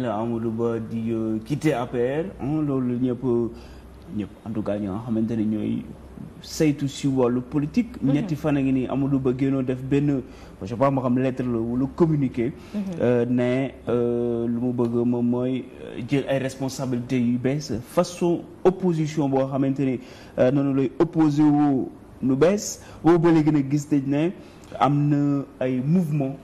la Amadou Ba di euh, quitter APR loolu ñëpp ñëpp en tout cas ñi xamante ni ñooy saytu si wàllu politique. Mhm. ñetti fan a amul nii Amadou Ba génnoo def benn je sais pas ma xam lettre la wala communiqué. Mhm. Euh, ne euh, lu mu bëgg moom mooy jël ay responsabilités yu bees façon opposition boo xamante ni noonu lay opposé wu bees boo ba léegi gis nañ ne am na ay mouvement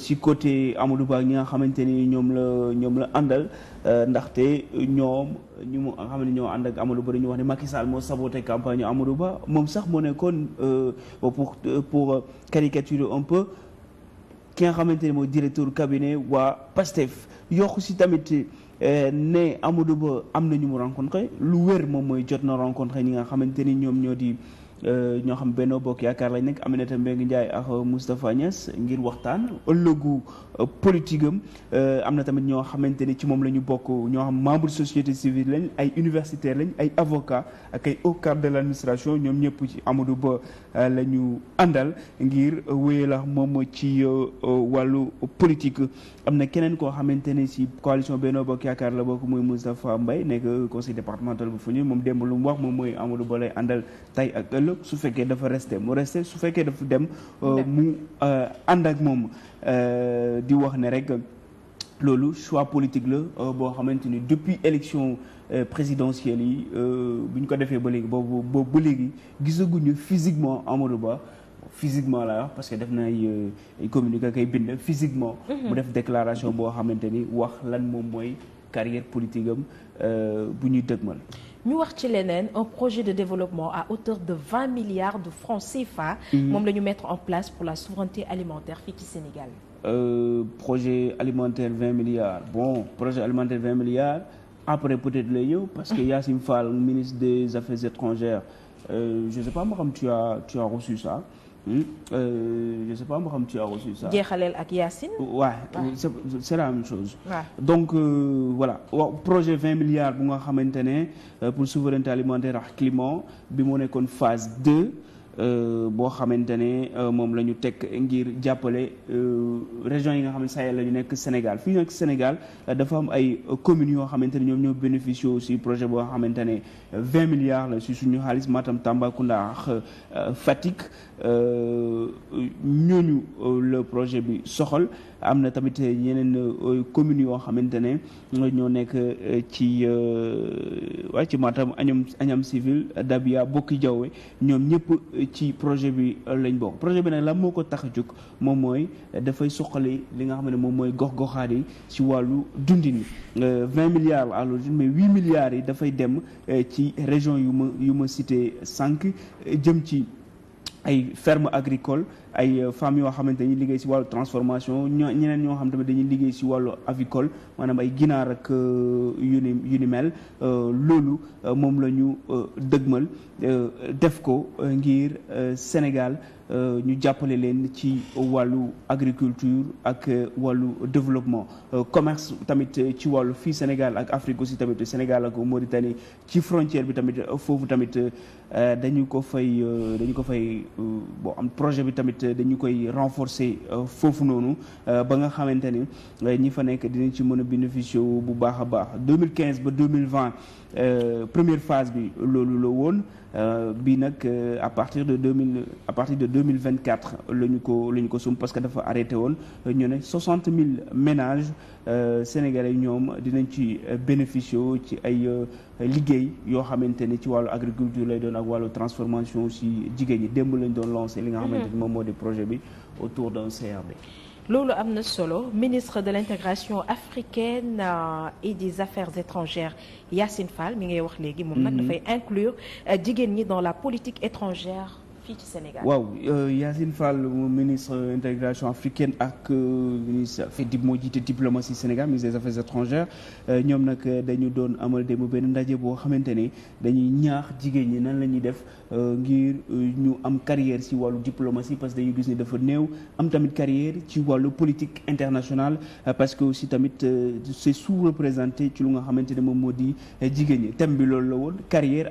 ci euh, côté Amadou Ba ñi nga xamante ni ñoom la ñoom la àndal euh, ndaxte ñoom ñu mu xam ne ñoo ànd ak Amadou Ba dañu wax ne Macky Sall moo saboté campagne Amadou Ba moom sax moo nekkoon euh, pour pour caricaturer un peu ki nga xamante ni mooy directeur cabinet waa PASTEF yokku ci tamit. ne Amadou Ba am na ñu mu rencontré lu wér moom mooy jot na rencontré ñi nga xamante ni ñoom ñoo di Euh, ñoo xam Benno Bokk Yaakaar lañ nekk Aminata Mbengue Ndiaye ak Moustapha Niass ngir waxtaan ëllëgu euh, politique am euh, am na tamit ñoo xamante ni ci moom lañu ñu bokk ñoo xam membre société civile lañ ay universitaire lañ ay avocat ak ay haut cadre de l'administration ñoom ñëpp ci Amadou Ba lañu ñu àndal ngir wéye la moom ci wàllu politique am na keneen koo xamante ne si coalition benn Bokk Yaakaar la bokk muy Moustapha Mbaye nekk conseil départemental bu Foundiougne moom démb lu mu wax moom mooy Amadou Ba lay àndal tay su fekkee dafa reste mu resté su fekkee dafa dem euh, mu euh, ànd ak moom euh, di wax ne rek loolu choix politique la boo xamante ni depuis élection présidentielle yi bu ñu ko defee ba léegi boobu boobu ba léegi gisaguñu physiquement Amadou Ba physiquement laa wax parce que def na ay communiqué kay bind physiquement mhm. mu def déclaration boo xamante ni wax lan moom mooy carrière politique am bu ñuy dëgmal ñu wax ci leneen un projet de développement à hauteur de vingt milliards de francs CFA. Mm-hmm. moom la ñu mettre en place pour la souveraineté alimentaire fii ci Sénégal. Euh, projet alimentaire vingt milliards bon projet alimentaire vingt milliards après peut-être lay ñëw parce que Yacine Fall ministre des affaires étrangères euh, je sais pas ma xam tu as tu as reçu ça. Hmm? Euh, je sais pas moo xam tu as reçu ça. jeexaleel ak Yacine. waaw c'est la même chose. Ouais. donc euh, voilà waaw projet 20 milliards bu nga xamante ne euh, pour souveraineté alimentaire ak climat bi moo nekkoon phase 2. Euh, boo xamante ne euh, moom la ñu teg ngir jàppale euh, région yi nga xam ne Sahel la ñu nekk Sénégal fii nag Sénégal dafa am ay communes yoo xamante ne ñoom ñoo bénéficié aussi projet boo xamante ne vingt milliards la si suñu xaalis Matam Fatick ñooñu le projet bi soxal am na tamit yeneen communes yoo xamante ne ñoo nekk ci waa ci Matam Agnam Agnam Civil Dabia Bokki Diawé ñoom ñëpp ci projet bi euh, lañ bokk projet bi nag lan moo ko tax a jóg moom mooy euh, dafay suqali li nga xam ne moom mooy gox goxaat yi ci wàllu dundin euh, vingt milliards à l'origine mais huit milliards yi dafay dem ci région yu ma yu ma cité sànq jëm ci ay ferme agricole ay euh, femmes yoo xamante dañuy liggéey si wàllu transformation ñoo ñeneen ñoo xam tamit dañuy liggéey si wàllu avicole maanaam ay ginaar ak euh, yu ni yu ni mel euh, loolu moom la ñu dëgmal def ko ngir Sénégal Euh, ñu jàppale leen ci wàllu agriculture ak euh, wàllu développement euh, commerce tamit ci wàllu fii Sénégal ak Afrique aussi tamit Sénégal ak Mauritanie ci frontière bi tamit foofu tamit dañu ko fay dañu ko fay bon am projet bi tamit dañu koy renforcer foofu noonu ba nga xamante ni ñi fa nekk dinañ ci mën a bénéficier bu baax a baax 2015 ba 2020 première phase bi loolu la woon bi nag à partir de 2000 à partir de 2024 la ñu ko la ñu ko sum parce que dafa arrêté woon ñu ne 60 000 ménages euh, sénégalais ñoom dinañ ci bénéficier ci ay euh, liggéey yoo xamante ne ci wàllu agriculture lay doon ak wàllu transformation aussi jigéen ñi démb lañ doon lancé li nga mhm. xamante ni moom moo di projet bi autour d'un CRD loolu am na solo ministre de l'intégration africaine euh, et des affaires étrangères Yacine Fall mi ngay wax léegi moom nag mhm. dafay inclure jigéen ñi dans la politique étrangère fii ci Sénégal. waaw euh, Yacine Fall ministre intégration africaine ak euh, ministre Fedib moo jiite diplomatie Sénégal ministre des affaires étrangères euh, ñoom nag dañu doon amal démb benn ndaje boo xamante ne dañuy ñaax jigéen ñi nan la ñuy def ngir ñu am carrière ci wàllu diplomatie parce que dañu gis ne dafa néew am tamit carrière ci wàllu politique internationale parce que aussi tamit c'est sous-représenté ci lu nga xamante ne moom moo di jigéen ñi thème bi loolu la woon carrière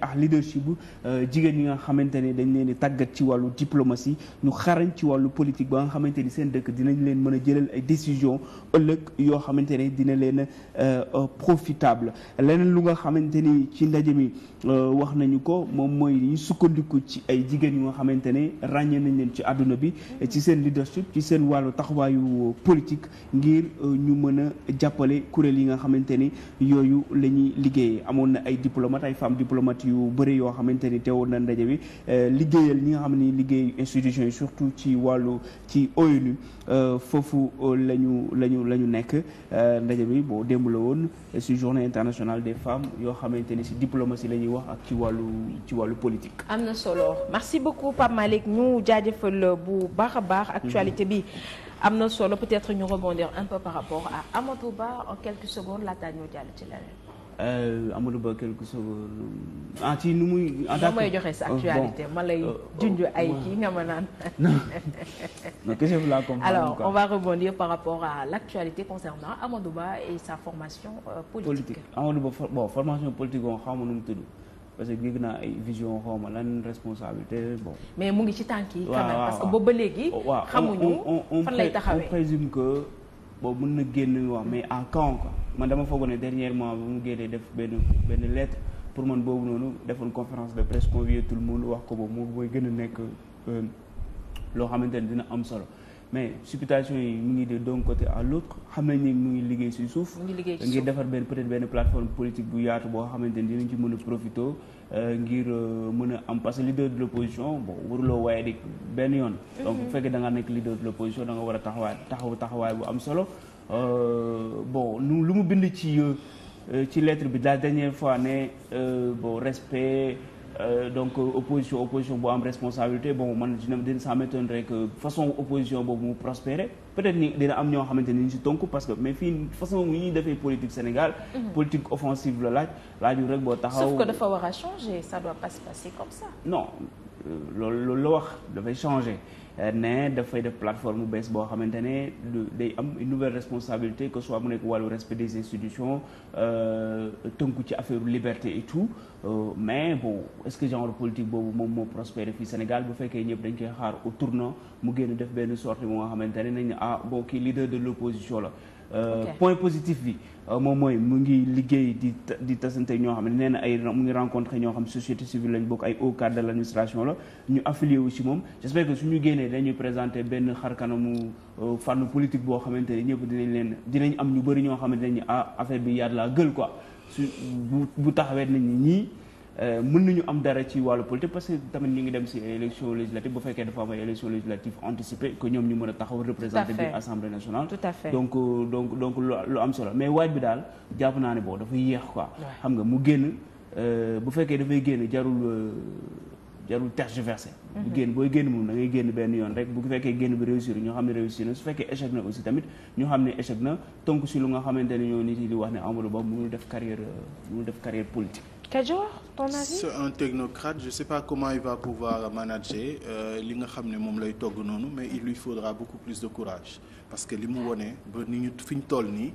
ak ci wàllu diplomatie ñu xarañ ci wàllu politique ba nga xamante ni seen dëkk dinañ leen mën a jëlal ay décision ëllëg yoo xamante ne dina leen euh, profitable leneen lu nga xamante ni ci ndaje mi euh, wax nañu ko moom mooy ñu sukkandiku ci ay jigéen yu nga xamante ne ràññee nañ leen ci àdduna bi ci seen leadership ci seen wàllu taxawaayu politique ngir euh, ñu mën a jàppale kuréel yi nga xamante ni yooyu la ñuy liggéeyee amoon na ay diplomate ay femmes diplomates yu bëri yoo xamante ni teewoon na ndaje bi nga xam ni liggéey institution yi surtout ci wàllu ci ONU euh, foofu euh, la ñu la ñu la ñu nekk euh, ndaje bi boo démb la woon si journée internationale des femmes yoo xamante ni si diplomatie la ñuy wax ak ci wàllu ci wàllu politique. am na solo merci beaucoup Pape Malick ñu jaajëfal bu baax a baax. actualité bi am na solo peut-être ñu rebondir un peu par rapport à Amadou Ba en quelques secondes laataa ñu jàll ci leneen. Euh, Amadou Ba quelque chose euh, ah ci nu muy. ah d'accord mooy joxe sa euh, actualité ma lay junj ay kii nga la comprends. alors on va rebondir par rapport à l'actualité concernant Amadou Ba et sa formation politique. Amadou Ba bon formation politique boobu xaw ma nu mu tudd parce que dégg naa ay vision xaw ma lan responsabilité bon. mais mu ngi ci tànk yi. waaw parce que boobu ba léegi. Oh, xamuñu fan lay taxawee on présume que boobu mën na génn wax mais en quand quoi. man dama foogoon ne dernièrement bu mu génnee def benn benn lettre pour man boobu noonu defoon conférence de presse convier tout le monde wax ko boobu moom mooy gën a nekk euh, loo xamante ne dina am solo mais supputation yi mu ngi dee donc côté à l'autre xam nañ ni mu ngi liggéey si suuf ngir defar benn peut-être benn plateforme politique bu yaatu boo xamante ne dinañ ci mën a profité euh, ngir euh, mën a am parce que leader de l'opposition bon waruloo waaye di benn yoon mm-hmm. donc bu da nga nekk leader de l'opposition da nga war a taxaw taxawaay bu am solo Euh, bon lu lu mu bind ci euh, ci lettre bi la dernière fois ne euh, bon respect donc opposition opposition bu am responsabilité bon man dina ça m'étonnerait rek façon opposition boobu mu prospérer peut-être ni dina am ñoo xamante ni ñu si tonku parce que mais fii façon yi ñuy defee politique Sénégal. Mhm. politique offensive la laaj laaju rek boo taxaw. sauf que dafa war a changer ça doit pas se passer comme ça. non loolu loolu la wax dafay changer. Euh, ne dafay def plateforme bu bees boo xamante ne day am une nouvelle responsabilité que soit mu nekk wàllu respect des institutions euh, tënku ci affaire liberté et tout euh, mais bon est-ce que genre politique boobu moom moo prospéré fii Sénégal bu fekkee ñëpp dañ koy xaar au tournant mu génn def benn sortie moo xamante ne nañ ah bon kii leader de l'opposition la Euh, point positif bi euh, moom mooy mu ngi liggéey di di tasante ñoo xam ne nee na ay mu ngi rencontré ñoo xam société civile lañ bokk ay haut cadre de l' la ñu affilié wu si moom j' espère que suñu génnee dañuy présenté benn xarkanamu euh, fànn politique boo xamante ne ñëpp dinañ leen dinañ am ñu bëri ñoo xamante ne ah affaire bi yaat laa gël quoi su bu bu taxawee nañ ñii Euh, mën nañu am dara ci wàllu politique parce que tamit ñu ngi dem si élection législative bu fekkee dafa am ay élection législative anticipée que ñoom ñu mën a taxaw représenté bi assemblée nationale euh, donc donc lu am solo mais waaj bi daal jàpp naa ne boo dafa yéex quoi xam nga mu génn euh, bu fekkee dafay génn jarul jarul tergiversé bu mhm. génn booy génn moom na ngay génn benn yoon rek bu fekkee génn bi réussir ñoo xam ne réussir na su fekkee échec na aussi tamit ñoo xam ne échec na tonk nga xamante ne ñoo nit yi di wax ne Amadou Ba mënul def carrière mënul def carrière politique Kajoor ton avis. c'est un technocrate je sais pas comment il va pouvoir manager euh, li nga xam ne moom lay togg noonu mais il lui faudra beaucoup plus de courage parce que li mu wone ba ni ñu fi ñu toll nii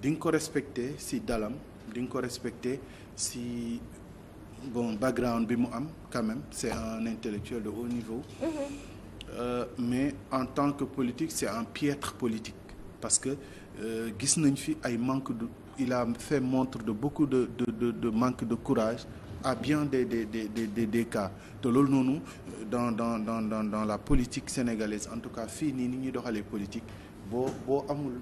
di nga ko respecter si dalam di nga ko respecter si bon background bi mu am quand même c'est un intellectuel de haut niveau. Mm mais en tant que politique c'est un piètre politique parce que euh, gis nañ fi ay manque de il a fait montre de beaucoup de de de, manque de courage à bien des des des des des cas te loolu noonu dans dans dans dans dans la politique sénégalaise en tout cas fii nii ni ñuy doxalee politique boo boo amul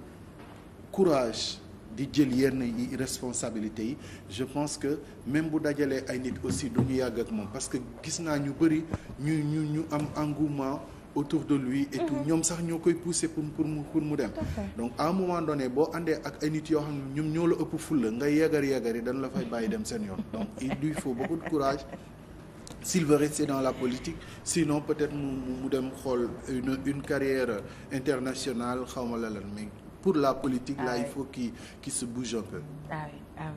courage di jël yenn yi responsabilité yi je pense que même bu dajalee ay nit aussi du ñu yàgg moom parce que gis naa ñu bëri ñu ñu ñu am engouement. autour de lui et mhm. ñoom sax ñoo koy pousser pour pour mu pour mu dem donc à un moment donné boo àndee ak ay nit yoo xam ne ñoom ñoo la ëpp fulla nga yeegar yeegar yi dañ la fay bàyyi dem seen yoon donc il lui faut beaucoup de courage s'il veut la politique sinon peut-être mu mu dem xool une une carrière internationale xawma la lan mais pour la politique laa là ah oui. il faut qu'il se bouge un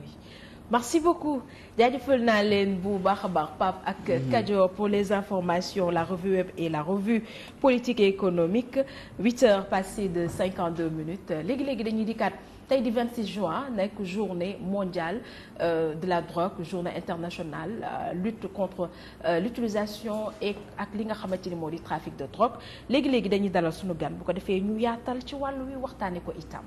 merci beaucoup jaajëfal naa leen bu baax a baax Pape ak mhm. Kajoor pour les informations la revue web et la revue politique et économique huit heures passées de cinquante deux minutes léegi léegi dañuy dikkaat tey di 26 juin nekk journée mondiale euh, de la drogue journée internationale euh, lutte contre euh, l'utilisation et ak li nga xamante ni moo di trafic de drogue léegi léegi dañuy dalal sunu gan bu ko defee ñu yatal ci wàllu wi waxtaanee ko itam.